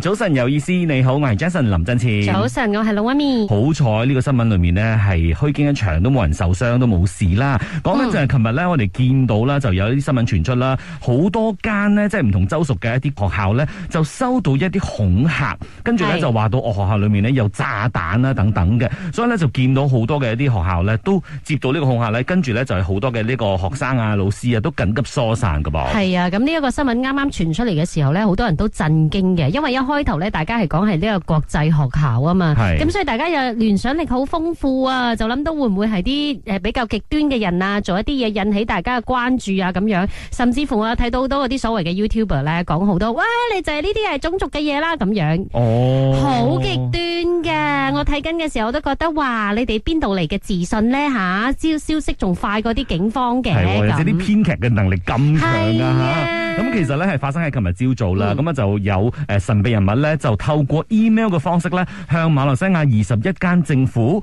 早晨，有意思，你好，我係 Jason 林振前。早晨，我係老媽咪。好彩呢個新聞裏面呢係虛驚一場，都冇人受傷，都冇事啦。講緊就係琴日咧，我哋見到啦，就有啲新聞傳出啦，好多間呢，即係唔同州屬嘅一啲學校呢，就收到一啲恐嚇，跟住呢就話到我學校裏面呢有炸彈啦等等嘅，所以呢，就見到好多嘅一啲學校呢都接到呢個恐嚇呢，跟住呢就係好多嘅呢個學生啊、老師啊都緊急疏散噶噃。係啊，咁呢一個新聞啱啱傳出嚟嘅時候呢，好多人都震驚嘅，因為一開頭咧，大家係講係呢個國際學校啊嘛，咁所以大家又聯想力好豐富啊，就諗到會唔會係啲誒比較極端嘅人啊，做一啲嘢引起大家嘅關注啊咁樣，甚至乎我睇到好多嗰啲所謂嘅 YouTuber 咧，講好多，哇！你就係呢啲係種族嘅嘢啦，咁樣，哦，好極端嘅，我睇緊嘅時候我都覺得，哇！你哋邊度嚟嘅自信呢？吓？消消息仲快過啲警方嘅？係、哦，或者啲編劇嘅能力咁強啊吓。咁其實咧係發生喺琴日朝早啦，咁、嗯、啊就有誒、呃、神秘人物咧，就透過 email 嘅方式咧，向馬來西亞二十一間政府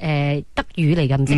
誒，德語嚟嘅，唔知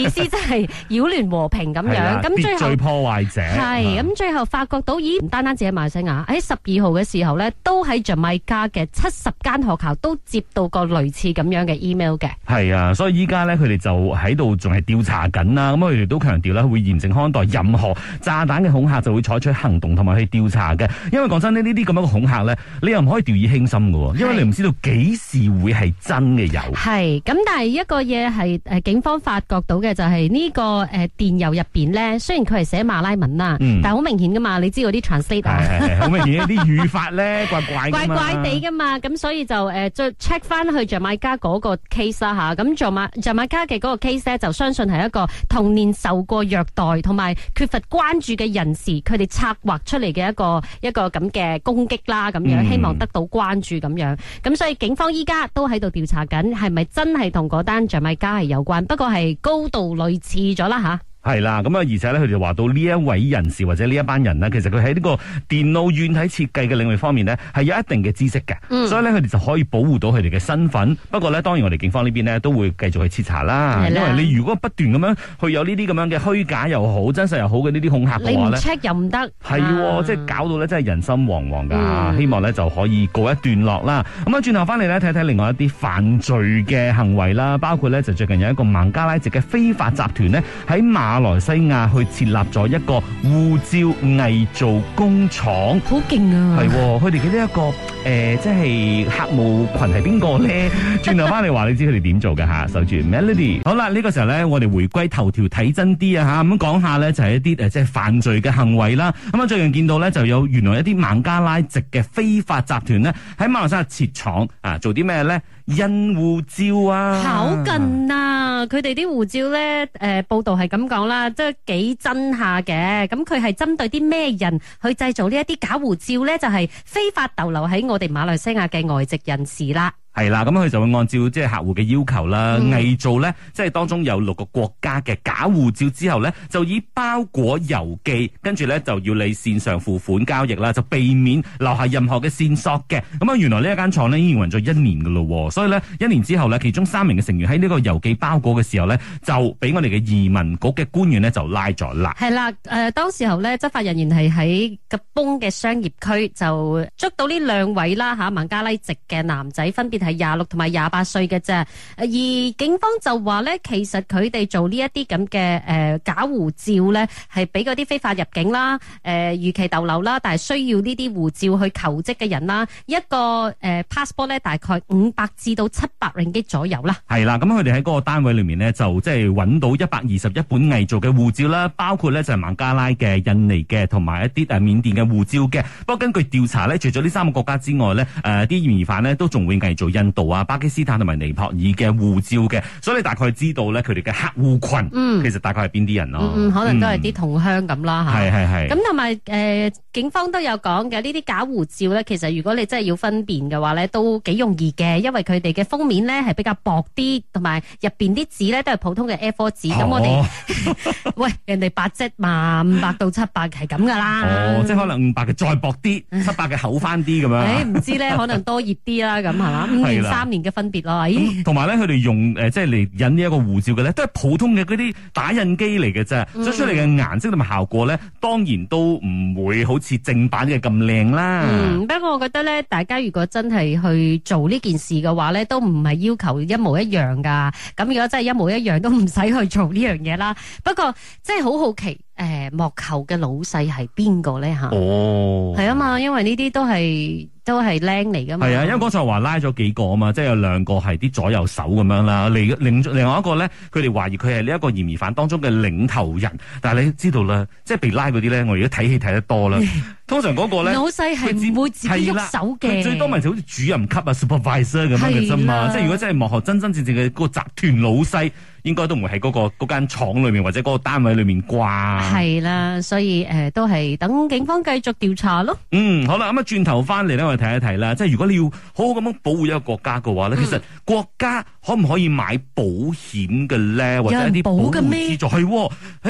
意思，即係擾亂和平咁樣。咁最後破壞者係咁、嗯嗯嗯、最後發覺到，咦，唔單單只係馬西亞喺十二號嘅時候呢，都喺牙買加嘅七十間學校都接到過類似咁樣嘅 email 嘅。係啊，所以依家呢，佢哋就喺度仲係調查緊啦。咁佢哋都強調呢，會嚴正看待任何炸彈嘅恐嚇，就會採取行動同埋去調查嘅。因為講真呢，呢啲咁樣嘅恐嚇咧，你又唔可以掉以輕心㗎喎，因為你唔知道幾時會係真嘅有。係咁。嗯但係一個嘢，係誒警方發覺到嘅，就係呢個誒電郵入邊咧，雖然佢係寫馬拉文啦、嗯，但係好明顯噶嘛，你知道啲 translate，好、嗯、明顯啲 語法咧怪怪怪怪地噶嘛，咁所以就誒再、呃、check 翻去牙買加嗰個 case 啦、啊、吓，咁牙買牙買加嘅嗰個 case 咧就相信係一個童年受過虐待同埋缺乏關注嘅人士，佢哋策劃出嚟嘅一個一個咁嘅攻擊啦，咁樣希望得到關注咁樣，咁、嗯、所以警方依家都喺度調查緊，係咪真係？同嗰單着米家係有關，不過係高度類似咗啦吓。係啦，咁啊，而且咧，佢哋就話到呢一位人士或者呢一班人呢，其實佢喺呢個電腦軟體設計嘅領域方面呢，係有一定嘅知識嘅，嗯，所以呢，佢哋就可以保護到佢哋嘅身份。不過呢，當然我哋警方呢邊呢，都會繼續去徹查啦，因為你如果不斷咁樣去有呢啲咁樣嘅虛假又好、真實又好嘅呢啲恐嚇嘅話咧，又唔得，係、啊、即係搞到呢，真係人心惶惶噶，嗯。希望呢，就可以告一段落啦。咁啊，轉頭翻嚟呢，睇睇另外一啲犯罪嘅行為啦，包括呢，就最近有一個孟加拉籍嘅非法集團呢。喺馬。馬來西亞去設立咗一個護照偽造工廠，好勁啊！係，佢哋嘅呢一個誒，即係客戶群係邊個咧？轉頭翻嚟話，你知佢哋點做嘅吓？守住 Melody。 好啦，呢、這個時候咧，我哋回歸頭條睇真啲啊！吓咁講下咧，就係一啲誒，即係犯罪嘅行為啦。咁啊，最近見到咧，就有原來一啲孟加拉籍嘅非法集團咧，喺馬來西亞設廠啊，做啲咩咧？印護照啊，好近啊！佢哋啲護照咧，誒、呃，報道係咁講啦，係幾真下嘅。咁佢係針對啲咩人去製造呢一啲假護照咧？就係、是、非法逗留喺我哋馬來西亞嘅外籍人士啦。係啦，咁佢就會按照即係客戶嘅要求啦，偽、嗯、造呢即係當中有六個國家嘅假護照之後呢，就以包裹郵寄，跟住呢就要你線上付款交易啦，就避免留下任何嘅線索嘅。咁啊，原來呢一間廠呢已經運咗一年噶咯，所以呢一年之後呢，其中三名嘅成員喺呢個郵寄包裹嘅時候呢，就俾我哋嘅移民局嘅官員呢就拉咗啦。係啦，誒、呃，當時候呢，執法人員係喺吉嘅商業區就捉到呢兩位啦嚇孟加拉籍嘅男仔分別係係廿六同埋廿八歲嘅啫，而警方就話咧，其實佢哋做這這、呃、呢一啲咁嘅誒假護照咧，係俾嗰啲非法入境啦、誒、呃、逾期逗留啦，但係需要呢啲護照去求職嘅人啦。一個誒 passport 咧，大概五百至到七百令吉左右啦。係啦，咁佢哋喺嗰個單位裏面呢，就即係搵到一百二十一本偽造嘅護照啦，包括咧就係孟加拉嘅、印尼嘅同埋一啲誒緬甸嘅護照嘅。不過根據調查咧，除咗呢三個國家之外咧，誒啲嫌疑犯呢都仲會偽造。印度啊、巴基斯坦同埋尼泊爾嘅護照嘅，所以你大概知道咧佢哋嘅客戶群，其實大概係邊啲人咯、嗯嗯？可能都係啲同鄉咁啦吓。係係係。咁同埋誒，警方都有講嘅，呢啲假護照咧，其實如果你真係要分辨嘅話咧，都幾容易嘅，因為佢哋嘅封面咧係比較薄啲，同埋入邊啲紙咧都係普通嘅 A4 紙。咁、哦、我哋 喂人哋八隻嘛，五百到七百係咁噶啦。哦，即係可能五百嘅再薄啲，七百嘅厚翻啲咁樣。誒、哎，唔知咧，可能多熱啲啦，咁係嘛。年三年嘅分別咯，同埋咧，佢、哎、哋用誒，即係嚟印呢一個護照嘅咧，都係普通嘅嗰啲打印機嚟嘅啫，嗯、所出出嚟嘅顏色同埋效果咧，當然都唔會好似正版嘅咁靚啦。嗯，不過我覺得咧，大家如果真係去做呢件事嘅話咧，都唔係要求一模一樣噶。咁如果真係一模一樣，都唔使去做呢樣嘢啦。不過，真係好好奇。誒、呃，幕後嘅老細係邊個咧吓？哦，係啊嘛，因為呢啲都係都係靚嚟㗎嘛。係啊，因為剛才話拉咗幾個啊嘛，即係有兩個係啲左右手咁樣啦，另另另外一個咧，佢哋懷疑佢係呢一個嫌疑犯當中嘅領頭人。但係你知道啦，即係被拉嗰啲咧，我而家睇戲睇得多啦。 通常嗰個咧，老細係唔會自己喐手嘅，最多咪就好似主任級啊、supervisor 咁樣嘅啫嘛。即係如果真係幕後真真正正嘅嗰個集團老細、那個，應該都唔會喺嗰個嗰間廠裏面或者嗰個單位裏面掛。係啦，所以誒、呃、都係等警方繼續調查咯。嗯，好啦，咁啊轉頭翻嚟咧，我哋睇一睇啦。即係如果你要好好咁樣保護一個國家嘅話咧、嗯，其實國家可唔可以買保險嘅咧？或者啲保嘅咩？資助係喎，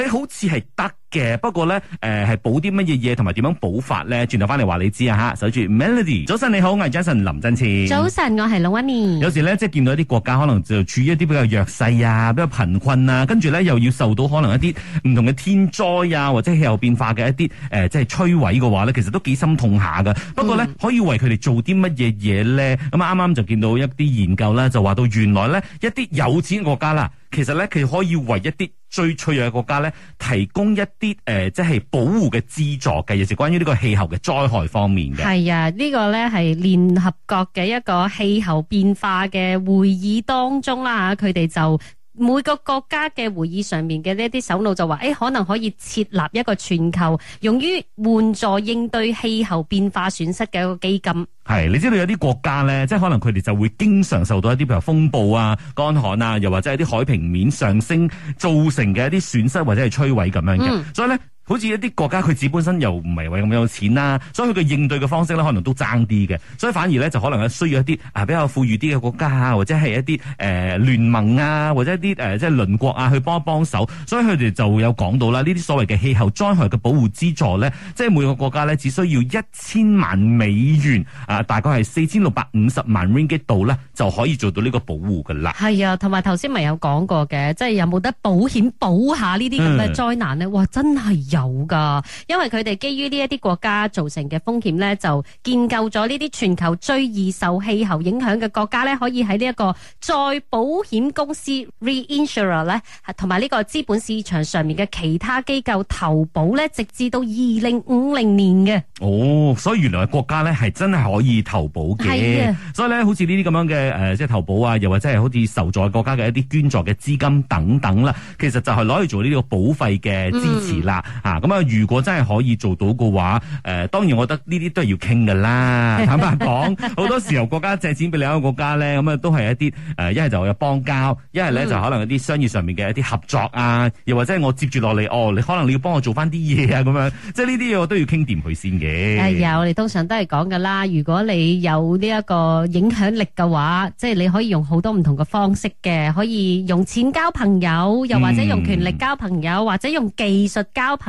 好似係得。嘅，不過咧，誒、呃，係補啲乜嘢嘢，同埋點樣補法咧？轉頭翻嚟話你知啊吓，守住 Melody。早晨你好，Jason 林振前。早晨，我係 l w a n 有時咧，即係見到一啲國家可能就處於一啲比較弱勢啊，比較貧困啊，跟住咧又要受到可能一啲唔同嘅天災啊，或者氣候變化嘅一啲誒、呃，即係摧毀嘅話咧，其實都幾心痛下噶。不過咧、嗯，可以為佢哋做啲乜嘢嘢咧？咁啱啱就見到一啲研究啦，就話到原來咧，一啲有錢國家啦，其實咧佢可以為一啲。最脆弱嘅國家咧，提供一啲誒、呃，即係保護嘅資助嘅，尤其是關於呢個氣候嘅災害方面嘅。係啊，呢、呢個咧係聯合國嘅一個氣候變化嘅會議當中啦，嚇佢哋就。每個國家嘅會議上面嘅呢一啲首腦就話，欸，可能可以設立一個全球用於援助應對氣候變化損失嘅一個基金。係，你知道有啲國家咧，即係可能佢哋就會經常受到一啲譬如說風暴啊、乾旱啊，又或者係啲海平面上升造成嘅一啲損失或者係摧毀咁樣嘅，嗯，所以咧。好似一啲國家佢自本身又唔係話咁有錢啦，所以佢嘅應對嘅方式咧，可能都爭啲嘅，所以反而咧就可能需要一啲啊比較富裕啲嘅國家，或者係一啲誒、呃、聯盟啊，或者一啲誒、呃、即係鄰國啊去幫一幫手，所以佢哋就有講到啦，呢啲所謂嘅氣候災害嘅保護資助咧，即、就、係、是、每個國家咧只需要一千萬美元啊，大概係四千六百五十萬 ringgit 度咧就可以做到呢個保護㗎啦。係啊，同埋頭先咪有講過嘅，即係有冇得保險保下呢啲咁嘅災難呢？嗯、哇，真係呀。有噶，因為佢哋基於呢一啲國家造成嘅風險咧，就建構咗呢啲全球最易受氣候影響嘅國家咧，可以喺呢一個再保險公司 reinsurer 咧，同埋呢個資本市場上面嘅其他機構投保咧，直至到二零五零年嘅。哦，所以原來國家咧係真係可以投保嘅，所以咧好似呢啲咁樣嘅誒、呃，即係投保啊，又或者係好似受助國家嘅一啲捐助嘅資金等等啦，其實就係攞去做呢個保費嘅支持啦。嗯咁啊，如果真係可以做到嘅話，誒、呃，當然我覺得呢啲都係要傾噶啦， 坦白講，好多時候國家借錢俾另一個國家咧，咁啊都係一啲誒，一係就有邦交，一係咧就是、可能有啲商業上面嘅一啲合作啊，又或者我接住落嚟哦，你可能你要幫我做翻啲嘢啊，咁樣，即係呢啲嘢我都要傾掂佢先嘅。係、哎、啊，我哋通常都係講噶啦，如果你有呢一個影響力嘅話，即、就、係、是、你可以用好多唔同嘅方式嘅，可以用錢交朋友，又或者用權力交朋友，嗯、或者用技術交朋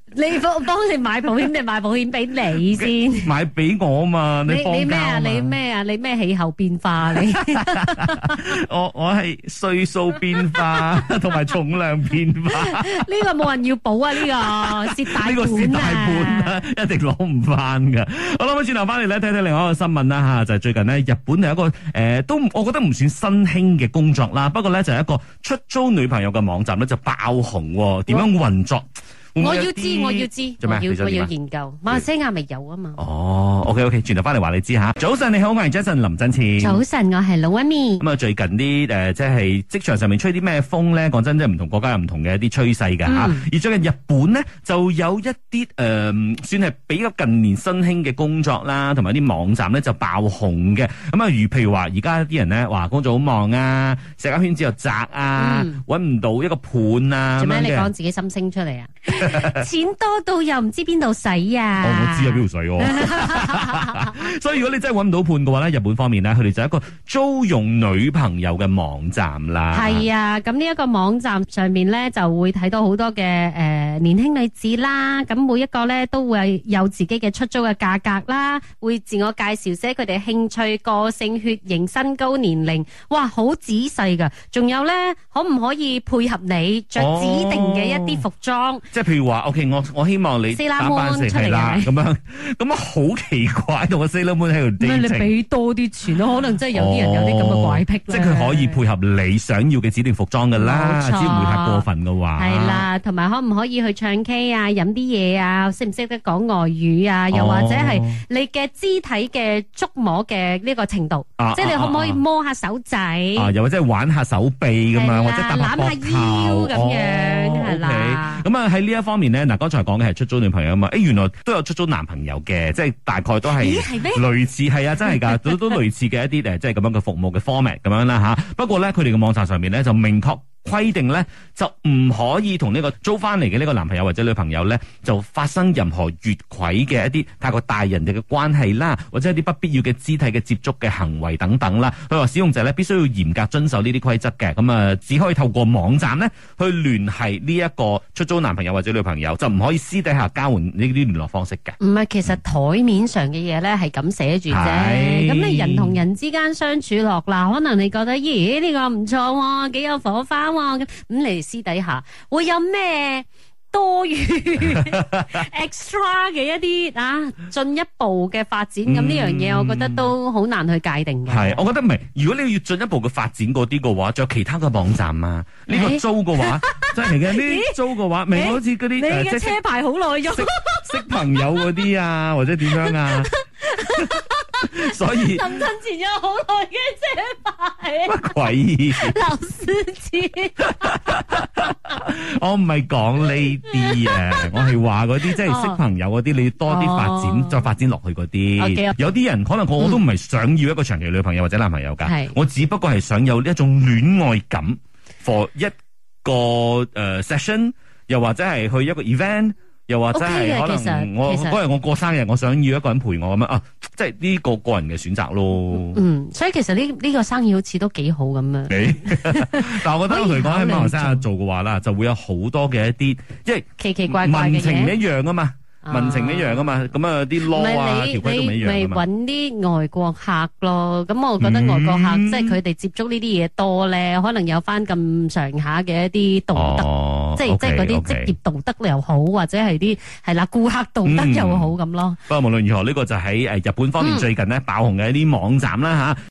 你幫你買保險，定買保險俾你先？ 買俾我嘛？你嘛你咩啊， 啊？你咩啊？你咩氣候變化？你我我係歲數變化，同埋重量變化。呢 個冇人要補啊！呢、這個蝕大半、啊，呢 個蝕大半啊！一定攞唔返㗎。好啦，咁轉頭返嚟咧，睇睇另外一個新聞啦吓，就係，最近呢，日本係一個誒、呃，都我覺得唔算新興嘅工作啦。不過咧，就係，一個出租女朋友嘅網站咧就爆紅喔，點樣運作？ 會會我要知，我要知，我要我要研究。馬來西亞咪有啊嘛？哦、oh,，OK OK，轉頭翻嚟話你知吓。早晨，你好，我係 Jason 林振前。早晨，我係 Melody 咁啊，最近啲誒，即係職場上面吹啲咩風咧？講真，即係唔同國家有唔同嘅一啲趨勢㗎。吓、嗯。而最近日本咧，就有一啲誒、呃，算係比較近年新興嘅工作啦，同埋啲網站咧就爆紅嘅。咁啊，如譬如話而家啲人咧話工作好忙啊，社交圈子又窄啊，搵、嗯、唔到一個伴啊。做咩？你講自己心聲出嚟啊？ 錢多到又唔知邊度使啊、哦！我知喺邊度使喎。啊、 所以如果你真係搵唔到判嘅話咧，日本方面咧，佢哋就一個租用女朋友嘅網站啦。係啊，咁呢一個網站上面咧就會睇到好多嘅誒。呃年輕女子啦，咁每一個咧都會有自己嘅出租嘅價格啦，會自我介紹，寫佢哋興趣、個性、血型、身高、年齡，哇，好仔細噶。仲有咧，可唔可以配合你着指定嘅一啲服裝？即係譬如話，OK，我我希望你打扮成 Sailor Moon 啦，咁樣咁啊，好奇怪，同我 Sailor Moon 喺度。唔係你俾多啲錢咯，可能真係有啲人有啲咁嘅怪癖。即係佢可以配合你想要嘅指定服裝噶啦，只要唔會太過分嘅話。係啦，同埋可唔可以？去唱 K 啊，飲啲嘢啊，識唔識得講外語啊？又或者係你嘅肢體嘅觸摸嘅呢個程度，即係你可唔可以摸下手仔？又或者玩下手臂咁樣，或者攬下腰咁樣，係啦。咁啊喺呢一方面咧，嗱剛才講嘅係出租女朋友啊嘛，誒原來都有出租男朋友嘅，即係大概都係類似，係啊真係噶都都類似嘅一啲誒，即係咁樣嘅服務嘅 format 咁樣啦吓。不過咧，佢哋嘅網站上面咧就明確，規定咧就唔可以同呢個租翻嚟嘅呢個男朋友或者女朋友咧就發生任何越軌嘅一啲太過大人哋嘅關係啦，或者一啲不必要嘅肢體嘅接觸嘅行為等等啦。佢話使用者咧必須要嚴格遵守呢啲規則嘅，咁啊只可以透過網站咧去聯繫呢一個出租男朋友或者女朋友，就唔可以私底下交換呢啲聯絡方式嘅。唔係，其實台面上嘅嘢咧係咁寫住啫。咁、嗯、你人同人之間相處落，嗱，可能你覺得咦呢、欸這個唔錯、啊，幾有火花。咁咁嚟私底下，會有咩多餘 extra 嘅一啲啊，進一步嘅發展？咁、嗯、呢樣嘢，我覺得都好難去界定嘅。係，我覺得唔係。如果你要進一步嘅發展嗰啲嘅話，仲有其他嘅網站啊？呢、呢個租嘅話，欸、真係嘅呢啲租嘅話，咪、欸、好似嗰啲你嘅、啊、車牌好耐用，識， 識朋友嗰啲啊，或者點樣啊？ 所以，浸親前咗好耐嘅啫牌，乜鬼嘢？劉師子， 我唔係講呢啲啊，我係話嗰啲即係識朋友嗰啲，你要多啲發展，哦，再發展落去嗰啲，哦。有啲人可能我我都唔係想要一個長期女朋友或者男朋友噶，嗯，我只不過係想有呢一種戀愛感，for 一個誒、uh, session，又或者係去一個 event。又或者，係、okay、可能我嗰日我，我過生日，我想要一個人陪我咁樣啊，即係呢個個人嘅選擇咯。嗯，所以其實呢呢、這個生意好似都幾好咁啊。 但係我覺得嚟講喺馬來西亞做嘅話啦， 就會有好多嘅一啲即係奇奇怪怪嘅民情唔一樣啊嘛，民情唔一樣啊嘛。咁啊啲囉啊條規唔一樣啊嘛，咪揾啲外國客咯，咁我覺得外國客、嗯、即係佢哋接觸呢啲嘢多咧，可能有翻咁上下嘅一啲懂得。啊即係、okay，即係嗰啲職業道德又好、okay，或者係啲係啦顧客道德又好咁咯。不、嗯、過無論如何，呢、這個就喺誒日本方面最近咧爆紅嘅一啲網站啦吓。嗯